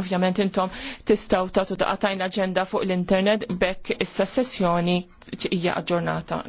Ovvjament intom tistaw tagħtu tajna aġenda fuq l-internet bekk issa sessjoni hija aġġornata.